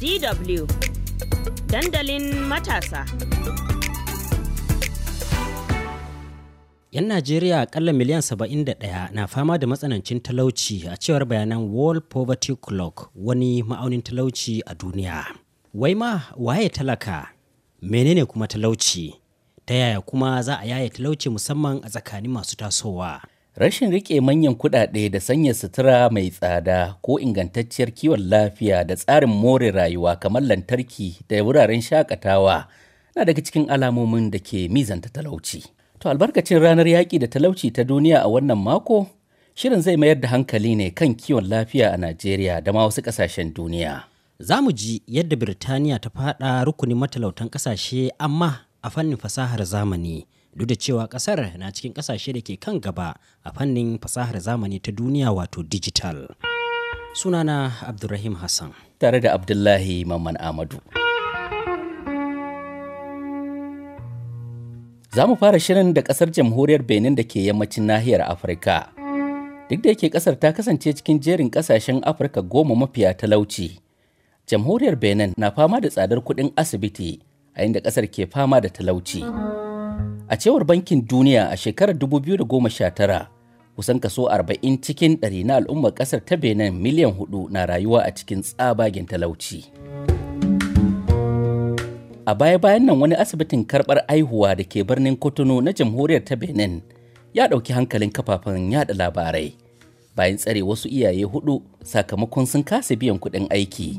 DW dandalin matasa. ‘Yan Najeriya akalla miliyan 71 na fama da matsanancin talauci a cewar bayanan World Poverty Clock wani ma'aunin talauci a duniya. Wai ma waye talaka? Menene kuma talauci? Ta yaya kuma za a yaya talauci musamman a tsakanin masu tasowa? Rashin riƙe manyan kuɗaɗe da sanya sutura mai tsada ko ingantacciyar kiwon lafiya da tsarin more rayuwa kamar lantarki da wuraren shakatawa na daga cikin alamomin da ke mizanta talauci. To albarkacin ranar yaƙi da talauci ta duniya a wannan mako, shirin zai mayar da hankali ne kan kiwon lafiya a Najeriya da ma wasu ƙasashen duniya. Za mu ji yadda Birtaniya ta faɗa rukunin matalautan ƙasashe amma a fannin fasahar zamani. duk da cewa kasar na cikin kasashe da ke kan gaba a fannin fasahar zamani ta duniya wato digital sunana abdulrahim hassan tare da abdullahi mamman amadu za mu fara shirin da ƙasar jamhuriyar benin da ke yammacin nahiyar afirka duk da yake ƙasar ta kasance cikin jerin ƙasashen afirka goma mafiya talauci jamhuriyar benin na fama da tsadar kuɗin asibiti a inda ƙasar ke fama da talauci. A cewar Bankin Duniya a shekarar 2019, kusan kaso 40 cikin 100 na al'ummar ƙasar ta Benin miliyan 4 na rayuwa a cikin tsabagen talauci. A baya-bayan nan wani asibitin karɓar aihuwa da ke birnin Kotono na jamhuriyar ta Benin ya ɗauki hankalin kafafen yada labarai bayan tsare wasu iyaye hudu sakamakon sun kasa biyan kuɗin aiki.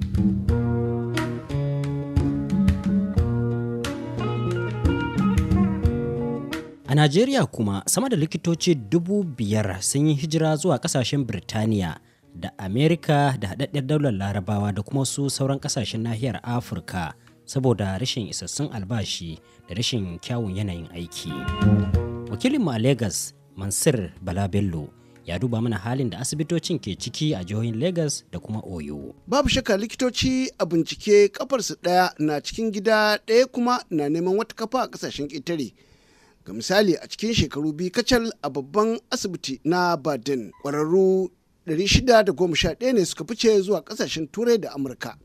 A Najeriya kuma sama da likitoci dubu biyar sun yi hijira zuwa kasashen Birtaniya da Amerika da haɗaɗɗen daular larabawa da kuma su sauran kasashen nahiyar Afirka saboda rashin isassun albashi da rashin kyawun yanayin aiki. Wakilinmu a Legas, Mansur Bala Bello, ya duba mana halin da asibitocin ke ciki a jihohin Legas da kuma Oyo. Babu shaka, likitoci a bincike kafarsu ɗaya na cikin gida ɗaya kuma na neman wata kafa a ƙasashen ƙetare. ga misali a cikin shekaru biyu kacal a babban asibiti na baden ƙwararru 611 ne suka fice zuwa kasashen turai da amurka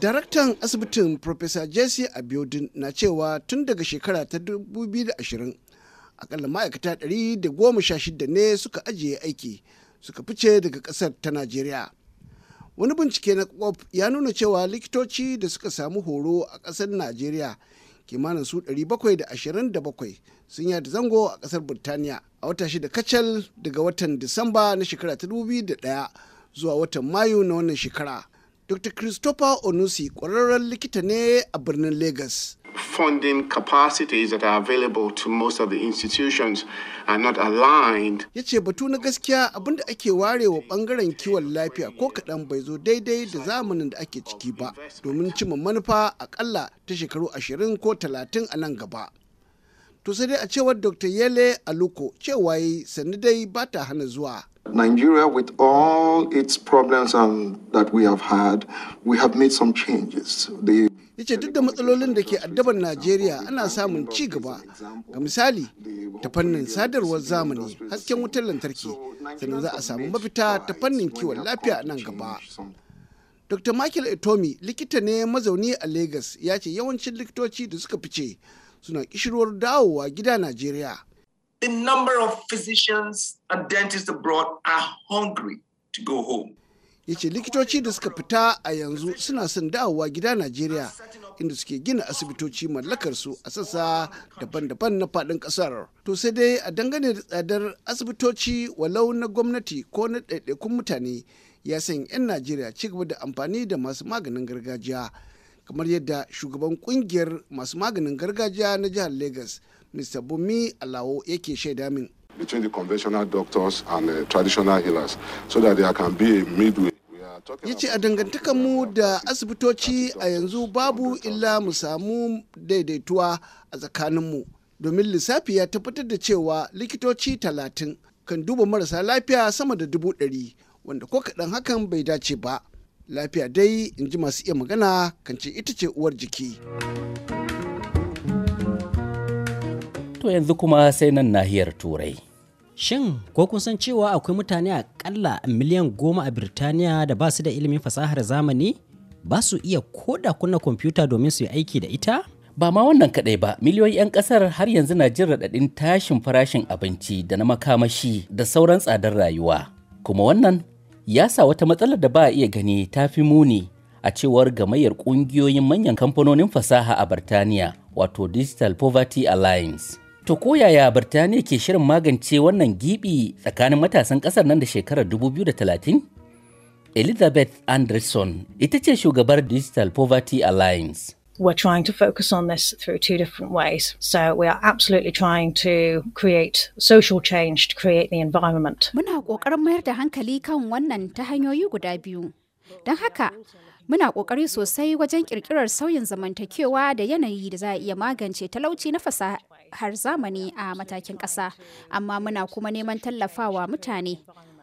daraktan asibitin professor jesse abiodun na cewa tun daga shekara ta 2020 akalla ma'aikata 116 ne suka ajiye aiki suka fice daga kasar ta najeriya wani bincike na kwaf ya nuna cewa likitoci da suka samu horo a kasar najeriya kimanin su 727 sun yada zango a kasar Birtaniya a wata shida kacal daga watan disamba na shekara ta 2001 zuwa watan mayu na wannan shekara dr christopher onusi ƙwararren likita ne a birnin Legas. funding capacities that are available to most of the institutions are not aligned. Ya ce batu na gaskiya abinda ake warewa bangaren kiwon lafiya ko kaɗan bai zo daidai da zamanin da ake ciki ba domin cimma manufa akalla ta shekaru 20 ko 30 a nan gaba. To sai dai a cewar Dr. Yele Aluko cewa yi sannu dai ba ta hana zuwa. Nigeria, with all its problems and um, that we have had, we have made some changes. The ya duk da matsalolin da ke addaban najeriya ana samun ci gaba ga misali ta fannin sadarwar zamani hasken wutar lantarki sannan za a samu mafita ta fannin kiwon lafiya nan gaba dr michael etomi likita ne mazauni a Legas, ya ce yawancin likitoci da suka fice suna kishirwar dawowa gida najeriya The number of physicians and dentists abroad are hungry to go home. ya ce likitoci da suka fita a yanzu suna son dawowa gida najeriya inda suke gina asibitoci mallakar su a sassa daban-daban na fadin kasar to sai dai a dangane da tsadar asibitoci walau na gwamnati ko na ɗaiɗaikun mutane ya san 'yan najeriya ci gaba da amfani da masu maganin gargajiya kamar yadda shugaban kungiyar masu maganin gargajiya na jihar lagos mr bumi alawo yake shaida min between the conventional doctors and the eh, traditional healers so that there can be a midway ya ce a dangantakan mu da asibitoci a yanzu babu illa mu samu daidaituwa a tsakaninmu domin lissafi ya tabbatar da cewa likitoci talatin kan duba marasa lafiya sama da dubu ɗari wanda ko kaɗan hakan bai dace ba lafiya dai in ji masu iya magana kan ce ita ce uwar jiki to yanzu kuma sai nan nahiyar turai Shin ko kun san cewa akwai mutane akalla miliyan goma a Birtaniya da ba su da ilimin fasahar zamani? Ba su iya koda kunna kwamfuta domin su yi aiki da ita? Ba ma wannan kaɗai ba, miliyoyi 'yan ƙasar har yanzu na jin raɗaɗin tashin farashin abinci da na makamashi da sauran tsadar rayuwa. Kuma wannan ya sa wata matsalar da ba a iya gani ta fi muni a cewar gamayyar ƙungiyoyin manyan kamfanonin fasaha a Birtaniya, wato Digital Poverty Alliance. To ko yaya Birtaniya ke shirin magance wannan gibi tsakanin matasan ƙasar nan da shekarar 2030? Elizabeth Anderson ita ce shugabar Digital Poverty Alliance. we're trying to focus on this through two different ways. So we are absolutely trying to create social change to create the environment. Muna ƙoƙarin mayar da hankali kan wannan ta hanyoyi guda biyu. Don haka, muna ƙoƙari sosai wajen ƙirƙirar sauyin zamantakewa da yanayi da za a iya magance talauci na fasaha har zamani a matakin ƙasa amma muna kuma neman tallafawa mutane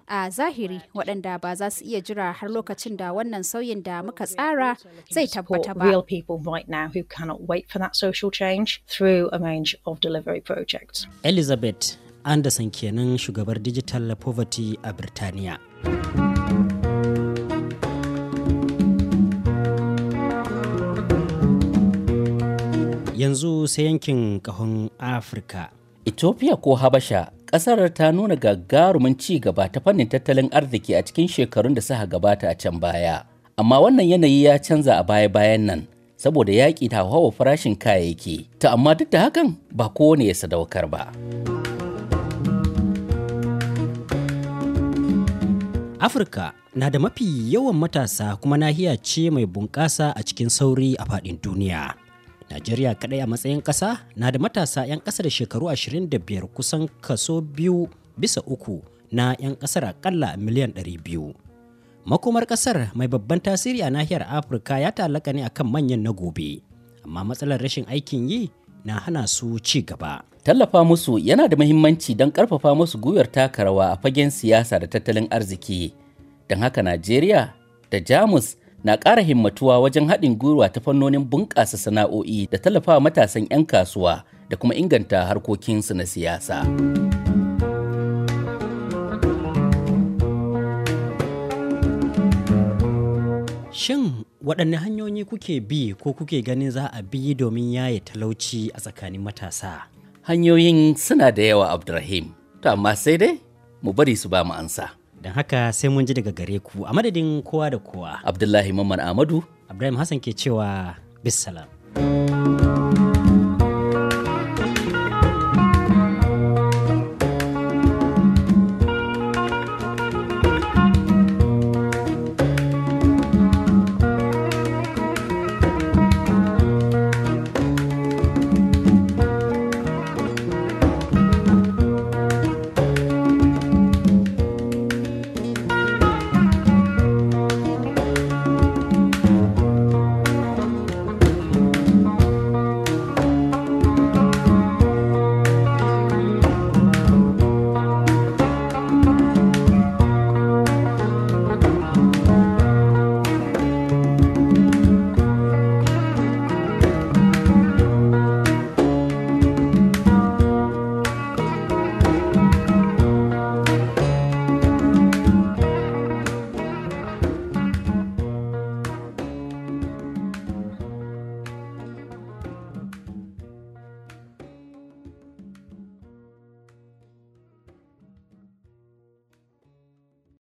a zahiri waɗanda ba za su iya jira har lokacin da wannan sauyin da muka tsara zai tabbata ba. Real people right now who cannot wait for that social change through a range of delivery projects. Elizabeth Anderson kenan shugabar Digital Poverty a Birtaniya. yanzu sai yankin ƙahon afirka ethiopia ko habasha ƙasar ta nuna gagarumin ci gaba ta fannin tattalin arziki a cikin shekarun da suka gabata a can baya amma wannan yanayi ya canza a baya-bayan nan saboda yaƙi ta hawa farashin kayayyaki ta amma duk da hakan ba kowane ya sadaukar ba afirka na da mafi yawan matasa kuma nahiya ce mai bunƙasa a cikin sauri a faɗin duniya Najeriya kadai a matsayin ƙasa na da matasa 'yan ƙasa da shekaru 25 kusan kaso biyu bisa uku na 'yan ƙasar akalla miliyan 200. Makomar ƙasar mai babban tasiri a nahiyar Afirka ya ta'allaka ne akan manyan na gobe, amma matsalar rashin aikin yi na hana su ci gaba. Tallafa musu yana da muhimmanci don ƙarfafa musu gwiwar taka rawa a fagen siyasa da tattalin arziki. Don haka Najeriya da Jamus na ƙara himmatuwa wajen haɗin gwiwa ta fannonin bunƙasa sana'o'i da tallafawa matasan 'yan kasuwa da kuma inganta harkokinsu na siyasa. Shin waɗanne hanyoyi kuke bi ko kuke ganin za a bi domin yaye talauci a tsakanin matasa? Hanyoyin suna da yawa Abdurrahim, to amma sai dai mu bari su ba mu ansa. Don haka sai mun ji daga gare ku a madadin kowa da kowa. Abdullahi Mamman Amadu. Ibrahim Hassan ke cewa bisalam.